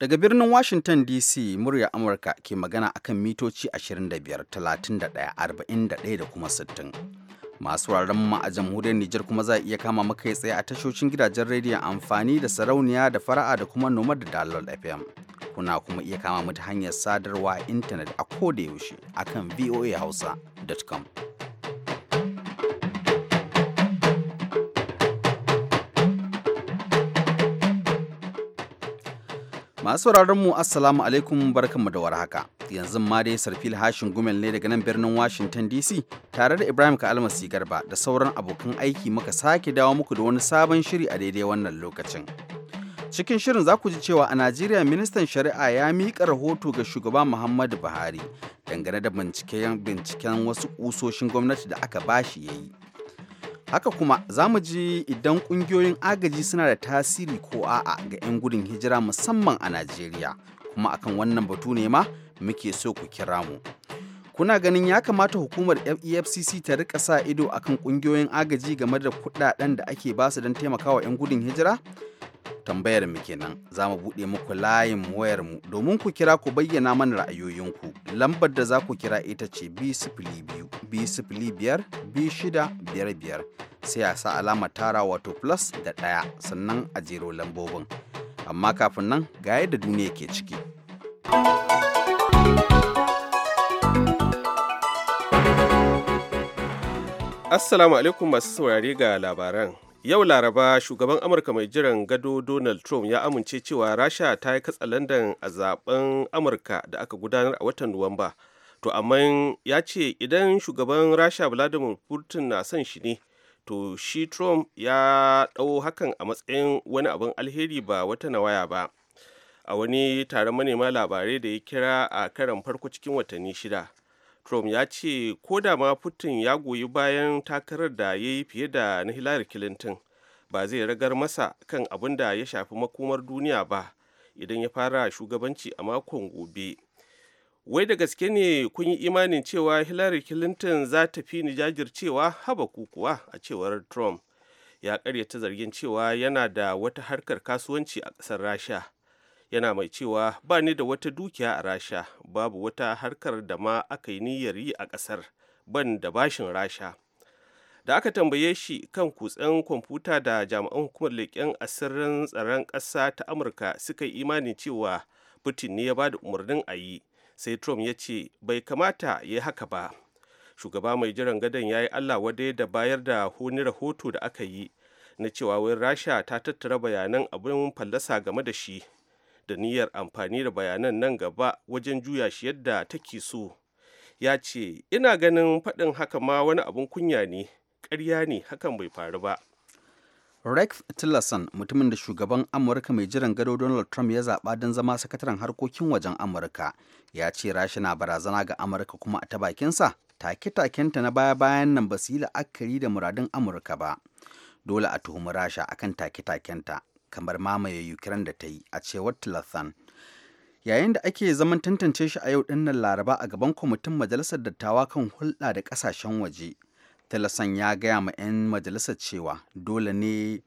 Daga birnin Washington DC murya Amurka ke magana akan mitoci 25, 31, 41 da kuma 60. Masu wuraren mu a jamhuriyar Nijar kuma za a iya kama maka tsaye a tashoshin gidajen rediyon amfani da sarauniya da fara'a da kuma noma da dalol FM. Kuna kuma iya kama mu hanyar sadarwa intanet a koda yaushe akan voahausa.com. Masu mu Assalamu alaikum barkanmu da warhaka. Yanzu ma dai Sarfil Hashin Gumel ne daga nan birnin Washington DC tare da Ibrahim Kalmasi Garba da sauran abokan aiki muka sake dawo muku da wani sabon shiri a daidai wannan lokacin. Cikin shirin za ku ji cewa a Najeriya ministan shari'a ya miƙa rahoto ga shugaba Muhammadu Buhari dangane da binciken binciken wasu ƙusoshin gwamnati da aka bashi ya yi. Haka kuma za mu ji idan ƙungiyoyin agaji suna da tasiri ko a'a ga 'yan gudun hijira musamman a Najeriya. Kuma akan wannan batu ne ma muke so ku kira mu. Kuna ganin ya kamata hukumar EFCC ta rika sa ido akan ƙungiyoyin agaji game da kuɗaɗen da ake basu don taimakawa 'yan gudun hijira? tambayar mu kenan za mu buɗe muku layin wayar mu domin ku kira ku bayyana mana ra'ayoyinku lambar da za ku kira ita ce b biyar b shida biyar biyar sai a sa alama tara wato plus da ɗaya sannan a jero lambobin amma kafin nan ga yadda duniya ke ciki assalamu alaikum masu saurari ga labaran yau laraba shugaban amurka mai jiran gado donald trump ya amince cewa rasha ta yi katsalandan a zaben amurka da aka gudanar a watan nuwamba to amma ya ce idan shugaban rasha vladimir putin na son shi ne to shi trump ya ɗau hakan a matsayin wani abin alheri ba wata nawaya ba a wani taron manema labarai da ya kira a karan farko cikin watanni shida trump ya ce ko da ma putin ya goyi bayan takarar da ya yi fiye da na hillary clinton ba zai ragar masa kan abin da ya shafi makomar duniya ba idan ya fara shugabanci a makon gobe wai da gaske ne kun yi imanin cewa hillary clinton za ta fi ni jajircewa haba kuwa a cewar trump ya karyata zargin cewa yana da wata harkar kasuwanci a ƙasar rasha yana mai cewa ba ni da wata dukiya a rasha babu wata harkar da ma aka yi niyyar yi a ƙasar ban da bashin rasha da aka tambaye shi kan kutsen kwamfuta da jami'an hukumar leƙen asirin tsaron ƙasa ta amurka suka yi imanin cewa putin ne ya ba da umarnin a yi sai trump ya ce bai kamata ya haka ba shugaba mai jiran gadon ya yi allah wadai da bayar da honi rahoto da aka yi na cewa wai rasha ta tattara bayanan abin fallasa game da shi da niyyar amfani da bayanan nan gaba wajen juya shi yadda take so ya ce ina ganin faɗin haka ma wani abun kunya ne karya ne hakan bai faru ba rex tillerson mutumin da shugaban amurka mai jiran gado donald trump ya zaɓa don zama sakataren harkokin wajen amurka ya ce rashi na barazana ga amurka kuma a ta bakinsa take-takenta na baya-bayan nan ba su yi la'akari da muradin amurka ba dole a tuhumi rasha akan take-takenta kamar mamaye ukraine da ta yi a cewar tilathan yayin da ake zaman tantance shi a yau dinnan laraba a gaban kwamitin majalisar dattawa kan hulɗa da ƙasashen waje tilasan ya gaya ma 'yan majalisar cewa dole ne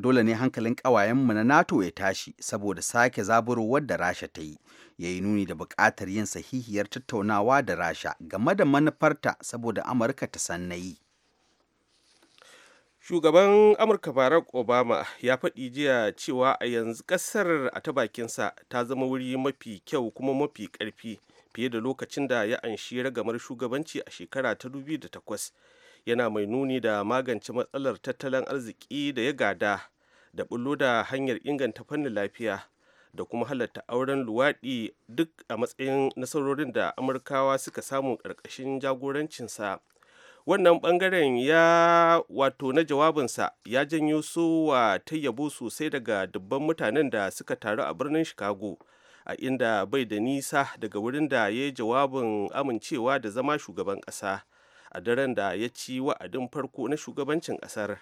dole ne hankalin ƙawayenmu na nato ya tashi saboda sake zaburowar da rasha ta yi ya yi nuni da buƙatar yin sahihiyar tattaunawa da rasha game da manufarta saboda amurka ta yi. shugaban amurka barack obama ya faɗi jiya cewa a yanzu ƙasar a ta bakinsa ta zama wuri mafi kyau kuma mafi ƙarfi fiye da lokacin da ya anshi ragamar shugabanci a shekara ta da takwas, yana mai nuni da magance matsalar tattalin arziki da ya gada da bullo da hanyar inganta fannin lafiya da kuma halatta auren luwaɗi duk a matsayin nasarorin da amurkawa suka samu ƙarƙashin jagorancinsa wannan bangaren ya wato na jawabinsa ya janyo su ta yabo sosai daga dubban mutanen da suka taru a birnin chicago a inda bai da nisa daga wurin da ya yi jawabin amincewa da zama shugaban ƙasa a daren da ya ci wa'adin farko na shugabancin ƙasar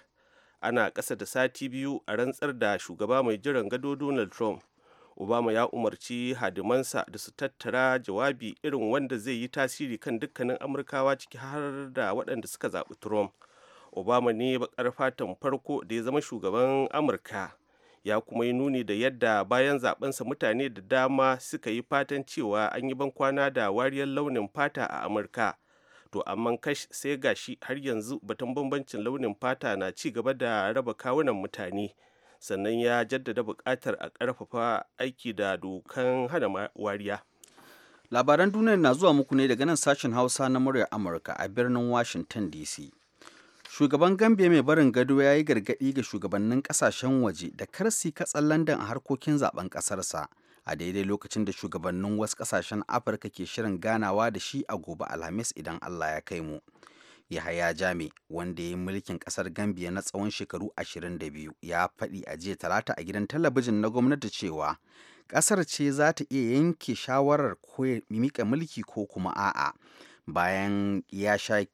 ana ƙasa da sati biyu a rantsar da shugaba mai jiran gado donald trump obama ya umarci hadimansa da su tattara jawabi irin wanda zai yi tasiri kan dukkanin amurkawa ciki har da waɗanda suka zaɓi trump obama ne bakar fatan farko da ya zama shugaban amurka ya kuma yi nuni da yadda bayan zaɓensa mutane da dama suka yi fatan cewa an yi bankwana da wariyar launin fata a amurka to amma kash sai gashi har yanzu batun bambancin launin fata na ci gaba da raba kawunan mutane sannan ya jaddada bukatar a karfafa aiki da dokan hana wariya labaran duniya na zuwa muku ne daga nan sashen hausa na muryar amurka a birnin washington dc shugaban gambia mai barin gado ya yi gargaɗi ga shugabannin ƙasashen waje da karsi su katsan landan a harkokin zaben ƙasarsa a daidai lokacin da shugabannin wasu ƙasashen afirka ke shirin ganawa da shi a gobe alhamis idan allah ya kai mu Yahaya Jami wanda ya yi mulkin kasar Gambia na tsawon shekaru 22 ya faɗi a jiya talata a gidan talabijin na gwamnati cewa ƙasar ce za ta iya yanke shawarar ko mika mulki ko kuma a'a bayan ya sha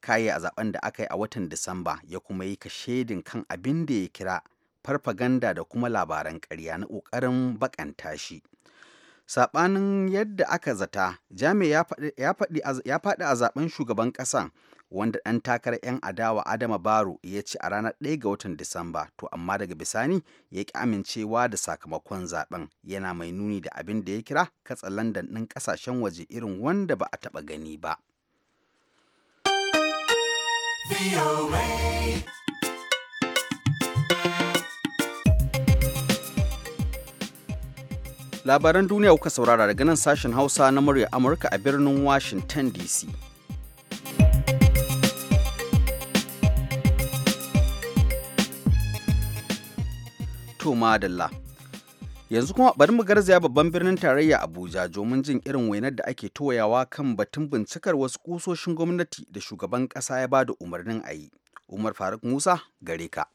kaye a zaben da aka yi a watan Disamba ya kuma yi kashedin kan abin da ya kira farfaganda da kuma labaran ƙarya na ƙoƙarin bakanta shi. Saɓanin yadda aka zata, Jami ya faɗi a zaben shugaban ƙasan. wanda ɗan takarar 'yan adawa Adama Baro ya ci a ranar 1 ga watan Disamba, to amma daga bisani ya ƙi amincewa da sakamakon zaben yana mai nuni da abin da ya kira katsalandan ɗin ƙasashen waje irin wanda ba a taɓa gani ba. Labaran duniya kuka saurara daga nan sashen Hausa na murya Amurka a birnin Washington DC. To madalla. Yanzu kuma bari mu garzaya babban birnin tarayya Abuja domin jin irin wainar da ake toyawa kan batun bincikar wasu kusoshin gwamnati da shugaban ƙasa ya bada umarnin a yi. Umar Faruk Musa gare ka.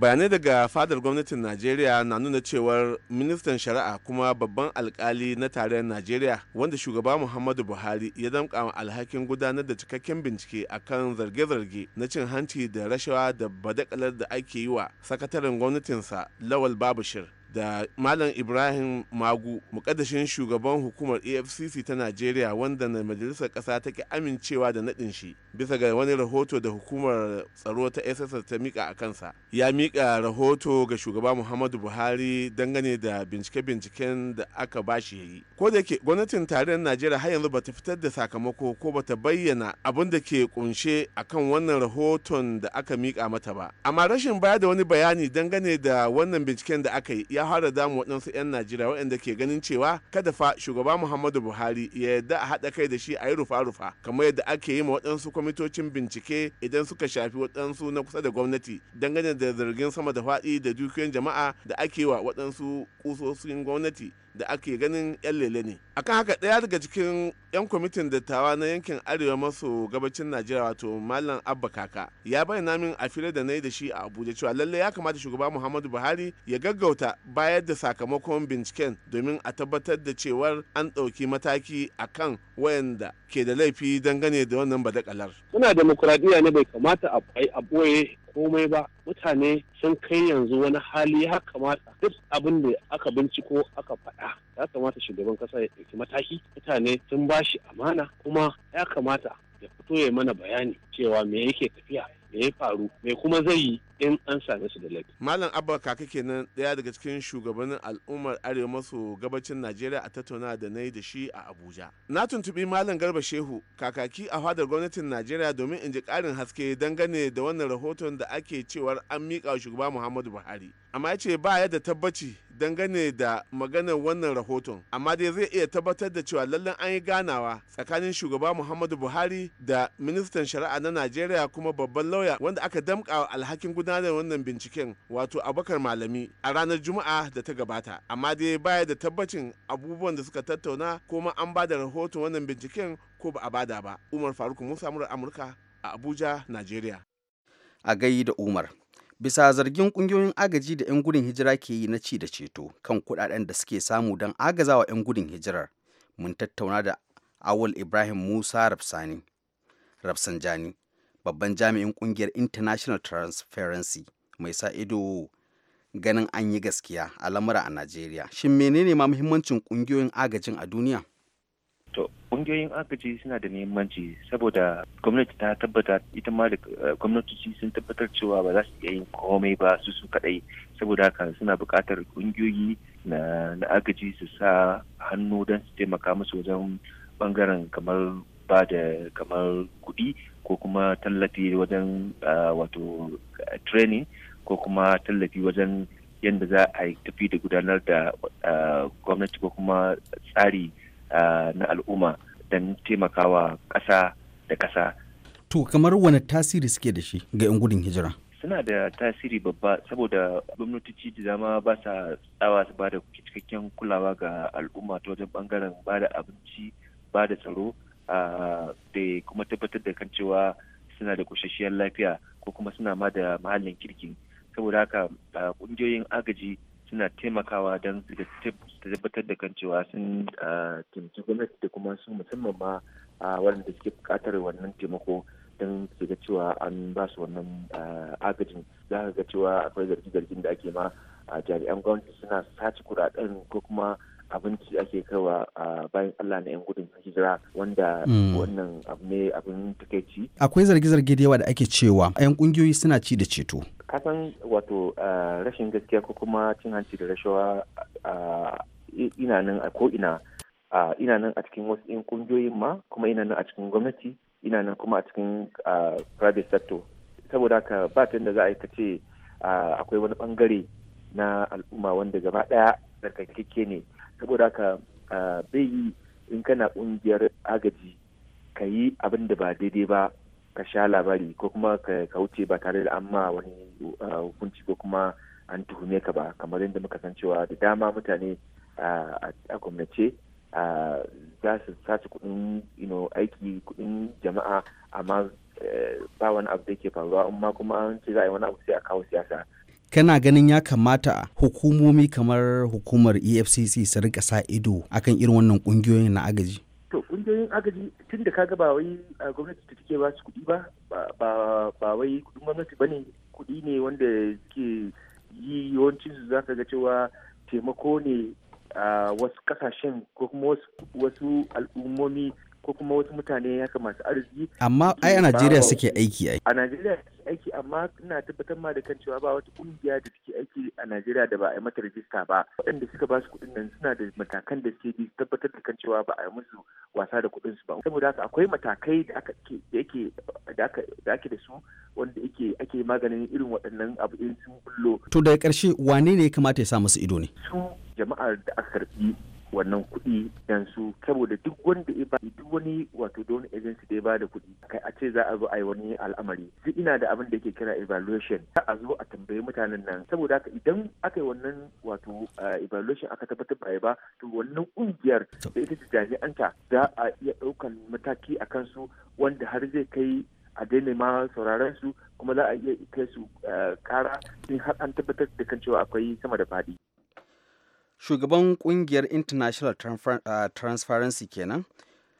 bayanai daga fadar gwamnatin najeriya na nuna cewar ministan shari'a kuma babban alkali na tarayyar najeriya wanda shugaba muhammadu buhari ya damka alhakin gudanar da cikakken bincike akan zarge-zarge na cin hanci da rashawa da badakalar da ake yi wa sakataren gwamnatinsa lawal babushir da malam ibrahim magu mukaddashin shugaban hukumar efcc ta najeriya wanda na majalisar kasa take amincewa da nadin shi bisa ga wani rahoto da hukumar tsaro ta sss ta mika a kansa ya mika rahoto ga shugaba muhammadu buhari dangane da bincike-binciken da aka bashi yi ko da ke gwamnatin tarayyar najeriya har yanzu bata fitar da sakamako ko bata bayyana abin da ke kunshe akan wannan rahoton da aka mika mata ba amma rashin bayar da wani bayani dangane da wannan binciken da aka yi ya ya da damu waɗansu 'yan najeriya waɗanda ke ganin cewa kada fa shugaba muhammadu buhari ya yarda a haɗa kai da shi a yi rufa-rufa kamar yadda ake yi ma waɗansu kwamitocin bincike idan suka shafi waɗansu na kusa da gwamnati dangane da zargin sama da faɗi da dukiyoyin jama'a da ake wa waɗansu kusosin gwamnati da ake ganin 'yan lele ne akan haka ɗaya daga cikin 'yan kwamitin dattawa na yankin arewa maso gabacin najeriya wato mallam abba kaka ya bayyana min a fira da na yi da shi a abuja cewa lallai ya kamata shugaba muhammadu buhari ya gaggauta bayar da sakamakon binciken domin a tabbatar da cewar an ɗauki mataki akan wayanda ke da laifi dangane da wannan badakalar. muna demokuraɗiyya ne bai kamata a boye komai ba mutane sun kai yanzu wani hali ya kamata duk abin da aka binciko aka faɗa ya kamata shugaban ƙasa ya ɗauki mataki mutane sun ba shi amana kuma ya kamata ya fito ya mana bayani cewa me yake tafiya da ya faru me kuma zai yi in an same su da laifi. Malam Abba Kaka kenan ɗaya daga cikin shugabannin al'ummar Arewa maso gabacin Najeriya a tattauna da na yi da shi a Abuja. Na tuntubi Malam Garba Shehu kakaki a fadar gwamnatin Najeriya domin in ji ƙarin haske dangane da wannan rahoton da ake cewar an miƙa shugaba Muhammadu Buhari. Amma ya ce ba ya da tabbaci dangane da maganar wannan rahoton amma dai zai iya tabbatar da cewa lallan an yi ganawa tsakanin shugaba muhammadu buhari da ministan shari'a na najeriya kuma babban lauya wanda aka damka alhakin gudanar wannan binciken wato abubakar malami a ranar juma'a da ta gabata amma dai baya da tabbacin abubuwan da suka tattauna kuma an ba da rahoton wannan binciken ko ba a bada ba umar faruk musa amurka a abuja najeriya a gai da umar bisa zargin kungiyoyin agaji da 'yan gudun hijira ke yi na ci da ceto kan kudaden da suke samu don agazawa 'yan gudun hijirar mun tattauna da awul ibrahim musa rafsani rafsanjani babban jami'in kungiyar international transparency mai sa ido ganin an yi gaskiya a lamura a najeriya shin menene ma muhimmancin kungiyoyin agajin a duniya to ƙungiyoyin agaji suna da muhimmanci saboda gwamnati ta tabbata ita ma da eh, gwamnatoci sun tabbatar cewa ba za su iya yin komai ba su su kaɗai saboda haka suna buƙatar ƙungiyoyi na agaji su sa hannu don su taimaka musu wajen ɓangaren kamar ba da kamar kuɗi ko kuma tallafi wajen eh, wato eh, training ko kuma tallafi wajen yadda za a tafi da gudanar da gwamnati ko kuma tsari na al'umma don taimakawa ƙasa da ƙasa. To kamar wani tasiri suke da shi ga 'yan gudun hijira? Suna da tasiri babba saboda gwamnatoci da dama ba sa tsawa su ba da cikakken kulawa ga al'umma ta wajen bangaren ba da abinci ba da tsaro da kuma tabbatar da kan cewa suna da kusasshiyar lafiya ko kuma suna ma da mahallin kirki saboda haka ƙungiyoyin agaji suna taimakawa don su tabbatar da kan cewa sun ah, taimaki gwamnati da kuma su musamman ma ah, waɗanda suke buƙatar wannan taimako don su ga cewa an ba su wannan ah, agajin za ka ga cewa akwai zargi-zargin da ake ma jami'an gwamnati suna sace kuɗaɗen ko kuma abinci ake kaiwa bayan Allah na 'yan gudun hijira wanda hmm. wannan abu ne abin takaici. Akwai zarge-zarge da yawa da ake cewa 'yan ƙungiyoyi suna ci da ceto. kasan wato eh, rashin gaskiya ko kuma cin hanci da rashawa eh, eh, ina nan a ko'ina ina nan a cikin wasu in kungiyoyin ma kuma ina nan a cikin gwamnati ina nan kuma a cikin private sector saboda haka ba ta da za a yi ka ce akwai wani bangare na al'umma wanda gaba daya tsarkakakke ne saboda haka bai yi in kana kungiyar agaji ka yi abin da ba daidai ba ka sha labari ko kuma ka wuce ba tare da amma wani uh, hukunci ko kuma an tuhume ka ba kamar yadda muka san cewa da dama mutane uh, a gwamnace uh, za su sace kudin aiki kudin jama'a amma ba wani abu da ke faruwa amma kuma an ce za a yi wani abu sai a kawo siyasa kana ganin ya kamata hukumomi kamar hukumar efcc su rika sa ido akan irin wannan kungiyoyin na agaji kungiyoyin agaji tun da kaga ba wai gwamnati ta take ba su kudi ba ba wai kudin gwamnati bane kudi ne wanda ke yi yawancin su za ka ga cewa taimako ne a wasu kasashen ko kuma wasu al'ummomi ko kuma wasu mutane ya kamata arziki amma ai a najeriya suke aiki ai a najeriya aiki amma ina tabbatar ma da kan cewa ba wata kungiya da take aiki a Najeriya da ba a yi mata rajista ba waɗanda suka ba su kuɗin nan suna da matakan da suke bi tabbatar da kan cewa ba a yi musu wasa da kuɗin su ba saboda haka akwai matakai da aka da yake da aka da ake da su wanda yake ake maganin irin waɗannan abu in sun bullo to daga ƙarshe wane ne ya kamata ya sa musu ido ne su jama'ar da aka karbi wannan kuɗi dan su saboda duk wanda ya ba duk wani wato da agency da ya ba da kuɗi kai a ce za a zo a yi wani al'amari duk ina da abin da yake kira evaluation za a zo a tambayi mutanen nan saboda haka idan aka yi wannan wato eh, evaluation aka tabbatar ba ba to wannan kungiyar da ita ta jami'anta za a iya ɗaukan mataki a kansu wanda har zai kai a daina ma sauraron su kuma za a iya kai su kara eh, in har an tabbatar da kan cewa akwai sama da faɗi. shugaban kungiyar international ah, transparency kenan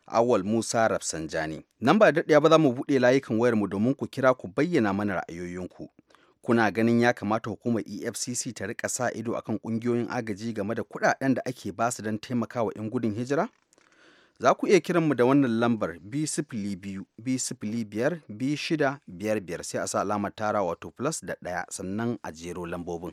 awal musa rafsanjani nan ba daɗaya ba za mu buɗe layukan wayar mu domin ku kira ku bayyana mana ra'ayoyinku kuna ganin ya kamata hukumar efcc ta rika sa ido akan ƙungiyoyin agaji game da kuɗaɗen da ake ba su don taimakawa 'yan gudun hijira za ku iya kiranmu da wannan lambar b sifili b 6 b 5 sai a sa alamar tara wato plus da ɗaya sannan a jero lambobin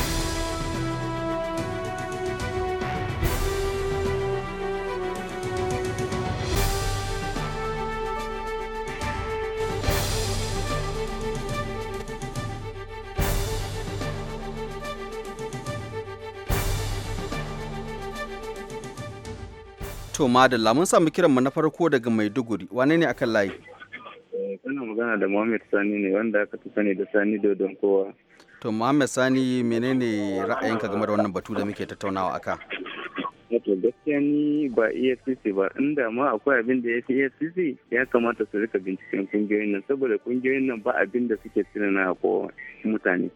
To madalla mun samu mu na farko daga Maiduguri wane ne akan layi? Kana eh, magana da Muhammad Sani ne wanda aka fi sani da Sani Dodon kowa. To Muhammad Sani menene ra'ayinka game da wannan batu da muke tattaunawa aka? Wato gaskiya ni ba EFCC ba inda ma akwai abin da ya fi EFCC ya kamata su rika binciken kungiyoyin nan saboda kungiyoyin nan ba abin da suke tunana ko mutane.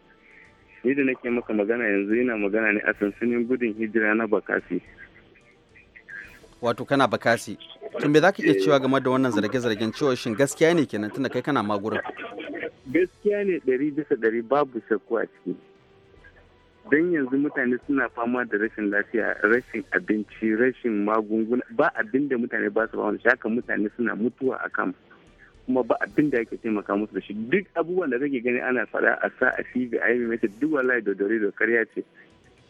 Ni da nake maka magana yanzu yana magana ne a sansanin gudun hijira na Bakasi. wato kana bakasi tun me za ka iya eh. cewa game da wannan zarge-zargen cewa shin gaskiya ne kenan tunda kai kana magurin gaskiya ne ɗari bisa ɗari babu shakku a ciki don yanzu mutane suna fama da rashin lafiya rashin abinci rashin magunguna ba abin da mutane ba su wani shaka mutane suna mutuwa a kan kuma ba abin da ake taimaka musu da shi duk abubuwan da kake gani ana faɗa a sa a cv a yi mata duk wallahi da dore da karya ce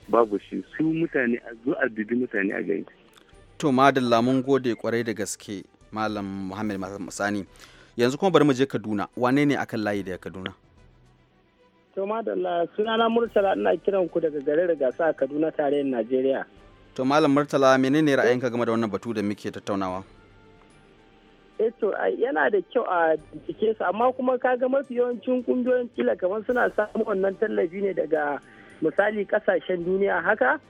babu shi su mutane a zo a dubi mutane a gani to madalla mun gode kwarai da gaske malam muhammad masani yanzu kuma bari mu je kaduna wane ne akan layi da kaduna to madalla sunana murtala ina kiran ku daga garin gasa a kaduna tarayyar najeriya to malam murtala menene ra'ayinka game da wannan batu da muke tattaunawa eto eh yana da kyau a bincike su amma kuma kaga mafi yawancin kungiyoyin kila kamar suna samun wannan tallafi ne daga misali kasashen duniya haka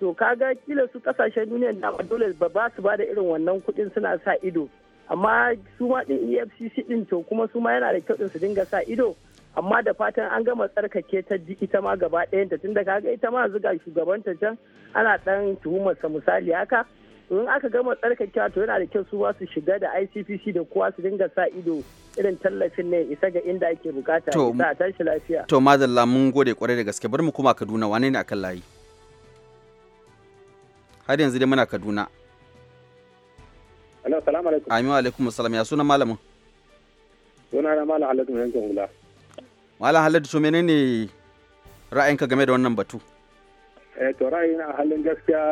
to kaga kila su kasashen duniya na dole ba ba su ba da irin wannan kuɗin suna sa ido amma su ma din efcc din to kuma su ma yana da kyau din su dinga sa ido amma da fatan an gama tsarkake ta ji ita ma gaba ɗayanta tun da kaga ita ma zuga shugabanta can ana ɗan tuhumarsa misali haka in aka gama tsarkakewa to yana da kyau su ba su shiga da icpc da kowa su dinga sa ido irin tallafin ne isa ga inda ake bukata isa a tashi lafiya to madalla mun gode kwarai da gaske bari mu kuma kaduna wane ne akan layi har yanzu dai muna kaduna Hello, salamu alaikum. Amin wa alaikum salam ya suna malamin. Suna na malam halittu mai yankin hula. Malam halittu to menene ra'ayinka game da wannan batu? Eh to ra'ayina a halin gaskiya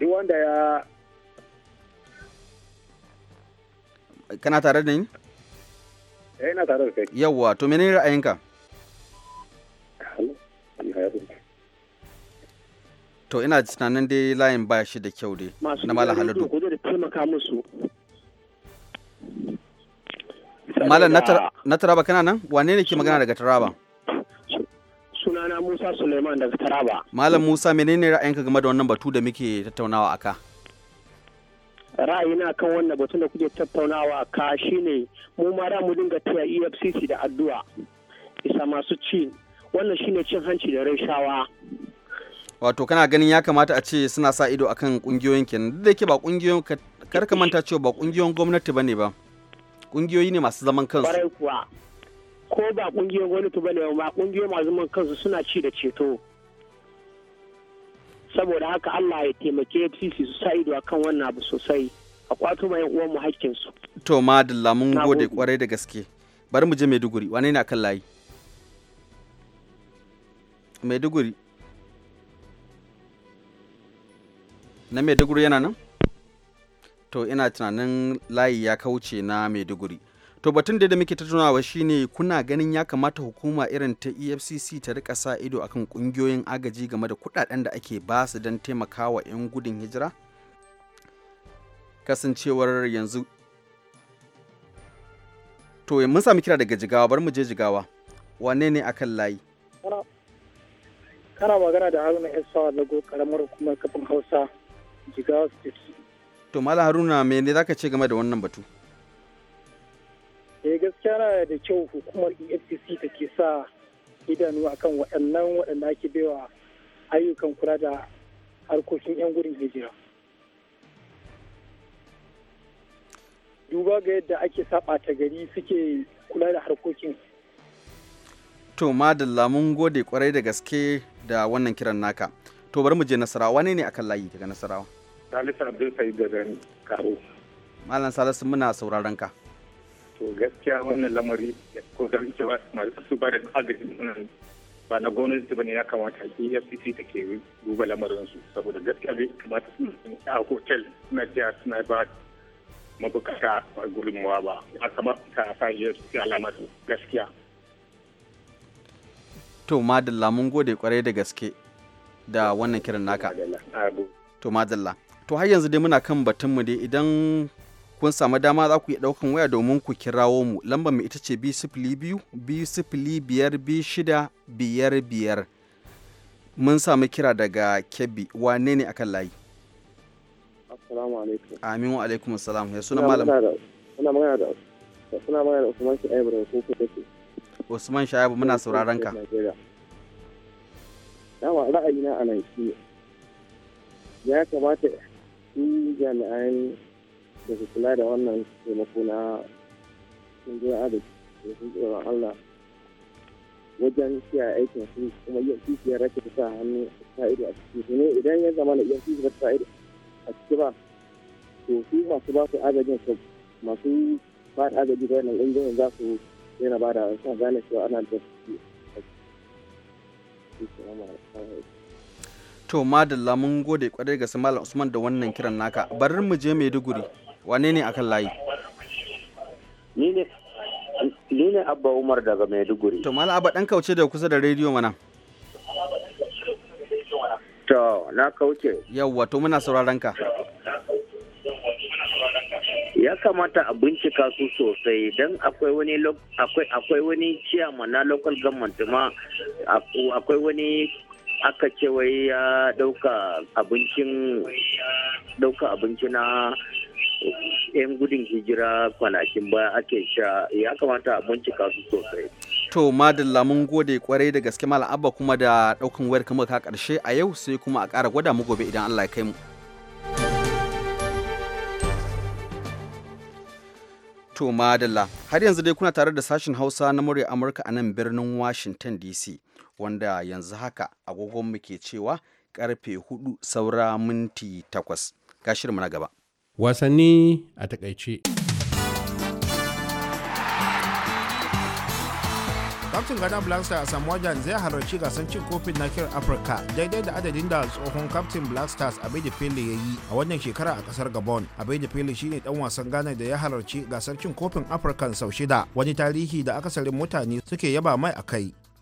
duk wanda ya kana tare da ni? Eh ina tare da kai. Yawwa to menene ra'ayinka? to ina tunanin dai layin ba shi da kyau dai na mala halittu mala malam na taraba kana nan wane ne ke magana daga taraba sunana musa suleiman daga taraba malam musa menene ra'ayinka game da wannan batu da muke tattaunawa aka ra'ayina kan wannan batun da kuke tattaunawa ka shine mu ma da mu dinga taya efcc da addu'a isa masu ci wannan shine cin hanci da rashawa wato kana ganin ya kamata a ce suna sa ido akan kungiyoyin kenan duk da yake ba kungiyoyin kar ka manta cewa ba kungiyoyin gwamnati bane ba kungiyoyi ne masu zaman kansu ko ba kungiyoyin gwamnati bane ba kungiyoyi masu zaman kansu suna ci da ceto saboda haka Allah ya taimake FCC su sa ido akan wannan abu sosai a kwato ma yan uwan mu hakkin su to madalla mun gode kwarai da gaske bari mu je Maiduguri wane ne akan layi Maiduguri na maiduguri yana nan to ina tunanin layi ya kauce na maiduguri to batun da muke tattaunawa shine kuna ganin ya kamata hukuma irin ta efcc ta rika sa ido akan kungiyoyin agaji game da kudaden da ake ba su don taimakawa 'yan gudun hijira kasancewar yanzu to mun sami kira daga jigawa bari mu je jigawa wane ne akan layi kana magana da haruna s lago karamar hukumar kafin hausa jigawa to mala haruna me ne zaka ce game da wannan batu eh gaskiya na da kyau hukumar efcc ke sa idanu akan waɗannan waɗanda ake baiwa ayyukan kula da harkokin 'yan gudun hijira duba ga yadda ake ta gari suke kula da harkokin to madalla mun gode kwarai da gaske da wannan kiran naka to bari mu je nasarawa ne ne akan layi daga nasarawa Salisu Abdul Said daga Karo. Malam Salisu muna sauraron ka. To gaskiya wannan lamari ko da cewa masu ba da agajin ba na gwamnati ba ne ya kamata efcc ta ke duba lamarin su saboda gaskiya bai kamata su a hotel na jiya suna ba mabukata a gudunmawa ba ya kamata a sa efcc alamar gaskiya to madalla mun gode kwarai da gaske da wannan kiran naka to madalla to har yanzu dai muna kan batunmu dai idan kun samu dama za ku iya ɗaukan waya domin ku kirawo mu lambar mu ita ce biyu biyar b shida biyar biyar mun samu kira daga kebbi wane ne akan layi assalamu alaikum amin wa alaikum assalam ya suna malam suna magana da suna magana da usman shaibu usman muna sauraron ka yawa ra'ayina a nan shi ya kamata su jami'ai da su kula da wannan taimako na kungiyar agaji da sun tsoron Allah wajen kiyaye aikin su kuma yin kishiyar rashin ta sa hannu ta ido a ciki ne idan ya zama na yin fifi ta ido a ciki ba to su masu ba su agajin su masu ba da agaji ga wannan ƙungiyoyin za su yana ba da sa gane cewa ana da su a ciki. to madalla mun gode kwarai ga malam usman da wannan kiran naka bari mu je maiduguri wane ne akan layi ni ne ni ne abba umar daga maiduguri to malam abba dan kauce da kusa da rediyo mana to na kauce yawwa to muna sauraron ka ya kamata a bincika su sosai don akwai wani akwai wani ciyama na local government ma akwai wani aka ce wai ya dauka abincin dauka abinci na yan gudun hijira kwanakin baya ake sha ya kamata a bincika su sosai to madalla mun gode kwarai da gaske malam abba kuma da daukan wayar kamar ka karshe a yau sai kuma a kara gwada mu gobe idan Allah ya kai mu to madalla har yanzu dai kuna tare da sashin hausa na murya amurka a nan birnin washington dc wanda yanzu haka agogonmu ke cewa karfe 4 saura minti 8 ga na gaba. Wasanni a takaice. kaftin ghana a samuwa jan zai halarci gasar cin kofin na afirka daidai da adadin da tsohon kaftin blackstars abedi fili ya yi a wannan shekara a kasar gabon abedi fili shine dan wasan ghana da ya halarci gasar cin kofin afirka sau shida wani tarihi da akasarin mutane suke yaba mai a kai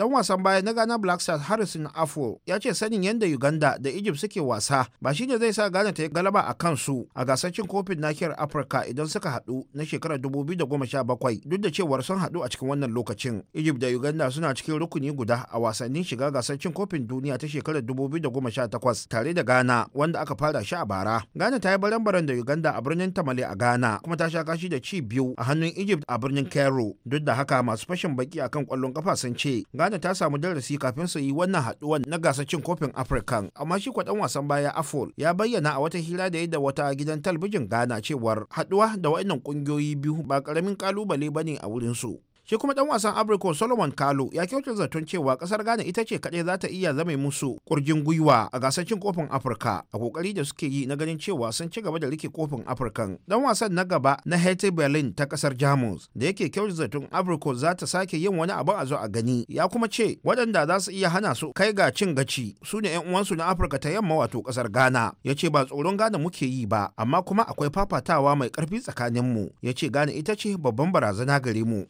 dan wasan baya na Ghana Black Stars Harrison Afo ya ce sanin yadda Uganda da Egypt suke wasa ba shi shine zai sa Ghana ta yi galaba a kansu a gasar cin kofin nahiyar Afirka idan suka haɗu na shekarar 2017 duk da cewar sun haɗu a cikin wannan lokacin. Egypt da Uganda suna cikin rukuni guda a wasannin shiga gasar cin kofin duniya ta shekarar 2018 tare da Ghana wanda aka fara shi a bara. Ghana ta yi baran-baran da Uganda a birnin Tamale a Ghana kuma ta sha kashi da ci biyu a hannun Egypt a birnin Cairo. Duk da haka masu fashin baki akan kwallon kafa sun ce Ghana ghana ta samu darasi kafin su yi wannan haduwan na gasar cin kofin afirkan amma shi kwaɗan wasan baya afol ya bayyana a wata hira da yadda wata gidan talbijin ghana cewar haduwa da wa'annan kungiyoyi biyu ba karamin kalubale bane a wurin su shi kuma dan wasan Abriko Solomon Kalu ya kyautar zaton cewa kasar Ghana ita ce kaɗai za ta iya zama musu kurjin gwiwa a gasar cin kofin Afirka a kokari da suke yi na ganin cewa sun ci gaba da rike kofin Afirkan. Dan wasan na gaba na hete Berlin ta kasar Jamus da yake kyautar zaton Abriko za ta sake yin wani abu a zo a gani ya kuma ce waɗanda za su iya hana su kai ga cin gaci su ne 'yan uwansu na Afirka ta yamma wato kasar Ghana ya ce ba tsoron Ghana muke yi ba amma kuma akwai fafatawa mai ƙarfi tsakaninmu ya ce Ghana ita ce babban barazana gare mu.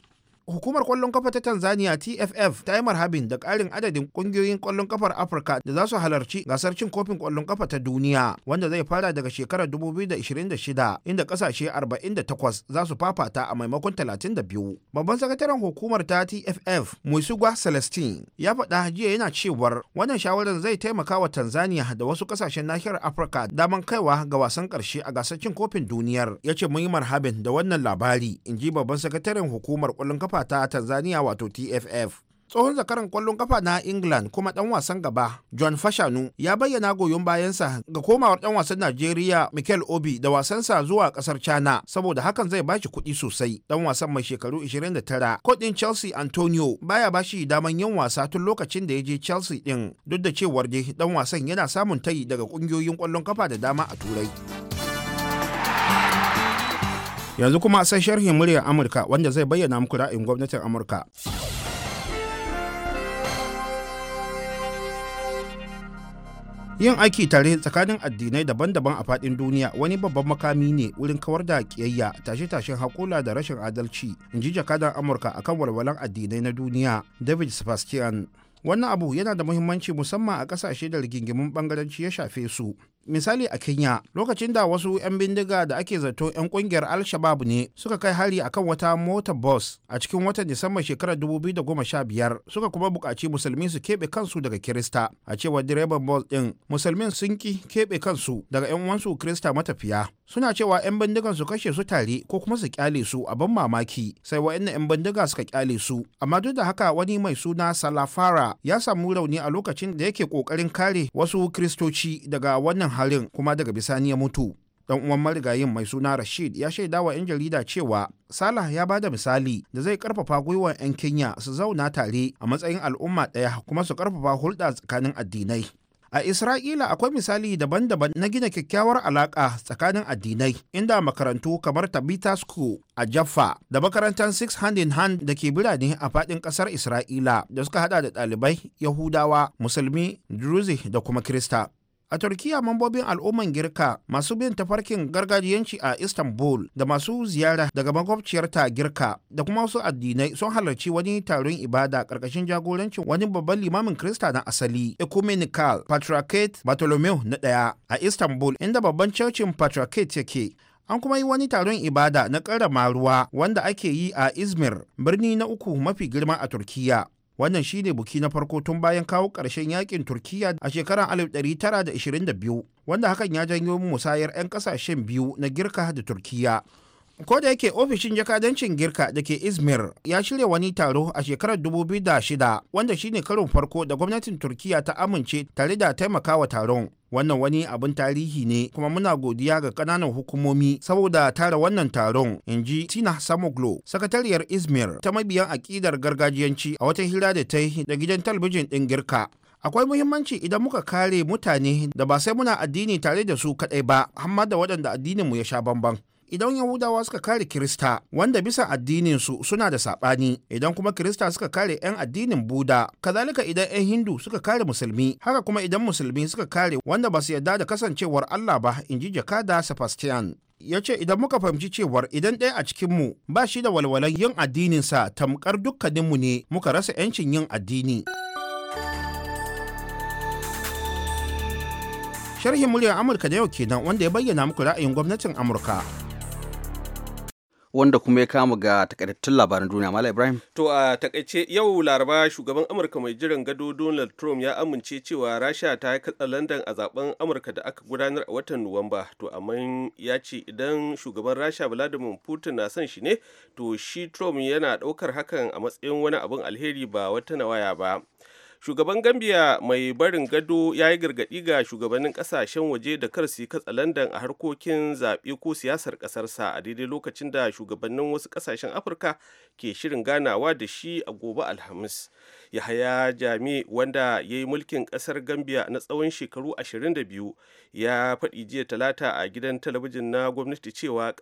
Hukumar kwallon kafa ta Tanzania TFF ta yi marhabin da ƙarin adadin ƙungiyoyin kwallon kafar Afirka da za su halarci gasar cin kofin kwallon kafa ta duniya wanda zai fara daga shekarar 2026 inda ƙasashe 48 za su fafata a maimakon 32. Babban sakataren hukumar ta TFF Musugwa Celestine ya faɗa jiya yana cewar wannan shawarar zai taimaka wa Tanzania da wasu ƙasashen nahiyar Afirka daman kaiwa ga wasan ƙarshe a gasar cin kofin duniyar. Ya ce mun yi marhabin da wannan labari in ji babban sakataren hukumar kwallon kafa kafa ta tanzania wato tff tsohon zakaran kwallon kafa na england kuma dan wasan gaba john fashanu ya bayyana goyon bayansa ga komawar dan wasan najeriya Mikel obi da wasansa zuwa kasar china saboda hakan zai bashi kuɗi sosai dan wasan mai shekaru 29 kodin chelsea antonio baya bashi daman yin wasa tun lokacin da ya je chelsea din duk da cewar dai dan wasan yana samun tayi daga ƙungiyoyin kwallon kafa da dama a turai yanzu kuma sai sharhin muryar amurka wanda zai bayyana muku ra'in gwamnatin amurka yin aiki tare tsakanin addinai daban-daban a fadin duniya wani babban makami ne wurin kawar da kiyayya tashe-tashen hakula da rashin adalci in ji jakadan amurka akan walwalan addinai na duniya david sebastian wannan abu yana da muhimmanci musamman a kasashe da rigingimun bangaranci ya shafe su misali a kenya lokacin da wasu 'yan bindiga da ake zato 'yan kungiyar al ne suka kai hari akan wata motar bus a cikin watan disamba shekarar 2015 suka kuma buƙaci musulmi su keɓe kansu daga kirista a cewa direban bus ɗin musulmin sun ki keɓe kansu daga 'yan uwansu kirista matafiya suna cewa 'yan bindigan su kashe su tare ko kuma su kyale su a ban mamaki sai wa'annan 'yan bindiga suka kyale su amma duk da haka wani mai suna salafara ya samu rauni a lokacin da yake kokarin kare wasu kristoci daga wannan halin kuma daga bisani ya mutu dan uwan marigayin mai suna rashid ya shaida wa 'yan jarida cewa salah ya bada misali da zai karfafa gwiwar 'yan kenya su zauna tare a matsayin al'umma ɗaya kuma su karfafa hulɗa tsakanin addinai a isra'ila akwai misali daban-daban na gina kyakkyawar alaƙa tsakanin addinai inda makarantu kamar tabita school a jaffa da makarantar six hand in hand da ke birane a faɗin ƙasar isra'ila da suka hada da ɗalibai yahudawa musulmi druzi da kuma krista a turkiya mambobin al'umman girka masu bin tafarkin gargajiyanci a istanbul da masu ziyara daga ta girka da kuma wasu addinai sun halarci wani taron ibada karkashin jagorancin wani babban limamin krista na asali ecumenical patriarchate bartholomew na daya a istanbul inda babban cocin patriarchate yake an kuma yi wani taron ibada na karama ruwa wanda ake yi a izmir birni na uku mafi girma a turkiya wannan shine buki na farko tun bayan kawo ƙarshen yakin turkiya a shekarar 1922 wanda hakan ya janyo musayar 'yan ƙasashen biyu na girka da turkiya ko da yake ofishin jakadancin girka da ke izmir ya shirya wani taro a shekarar 2006 wanda shine karin farko da gwamnatin turkiya ta amince tare da taimakawa taron wannan wani abin tarihi ne kuma muna godiya ga kananan hukumomi saboda tara wannan taron in ji tina samoglo sakatariyar izmir ta mabiyan akidar gargajiyanci a wata hira da ta yi da gidan talabijin ɗin girka akwai muhimmanci idan muka kare mutane da ba sai muna addini tare da su kadai ba amma da waɗanda addininmu ya sha bamban idan Yahudawa suka kare Kirista wanda bisa addininsu suna da saɓani idan kuma Kirista suka kare 'yan addinin Buda kazalika idan 'yan Hindu suka kare musulmi haka kuma idan musulmi suka kare wanda ba su yarda da kasancewar Allah ba in ji jakada Sebastian. ya ce idan muka fahimci cewar idan ɗaya a cikinmu ba shi da walwalan yin addininsa tamkar dukkaninmu ne muka rasa 'yancin yin addini. Sharhin muryar Amurka da yau kenan wanda ya bayyana muku ra'ayin gwamnatin Amurka. wanda kuma ya kama ga takaitattun labaran duniya mala ibrahim to a takaice yau laraba shugaban amurka mai jiran gado donald trump ya amince cewa rasha ta katsa london a zaben amurka da aka gudanar a watan nuwamba to amma ya ce idan shugaban rasha vladimir putin na son shi ne to shi trump yana daukar hakan a matsayin wani abin alheri ba wata nawaya ba shugaban gambia mai barin gado ya yi gargaɗi ga shugabannin ƙasashen waje da kar su katsa katsalandan a harkokin zaɓe ko siyasar ƙasarsa a daidai lokacin da shugabannin wasu ƙasashen afirka ke shirin ganawa da shi a gobe alhamis yahaya jami wanda ya yi mulkin ƙasar gambia na tsawon shekaru ashirin da biyu ya faɗi jiya talata a gidan talabijin na gwamnati cewa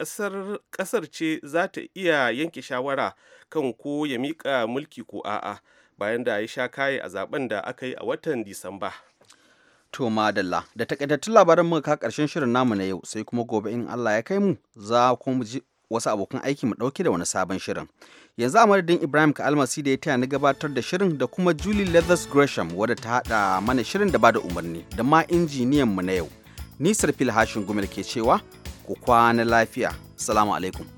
ƙasar ce za ta iya yanke shawara kan ko ya miƙa mulki ko a'a. bayan da ya sha kaye a zaben da aka yi a watan disamba to madalla da takaitattun labaran mu ka karshen shirin namu na yau sai kuma gobe in allah ya kai mu za kuma wasu abokan aiki mu dauke da wani sabon shirin yanzu a madadin ibrahim ka almasi da ya taya na gabatar da shirin da kuma julie leathers gresham wadda ta hada mana shirin da ba da umarni da ma injiniyan mu na yau nisar fil hashin gumel ke cewa ku kwana lafiya salamu alaikum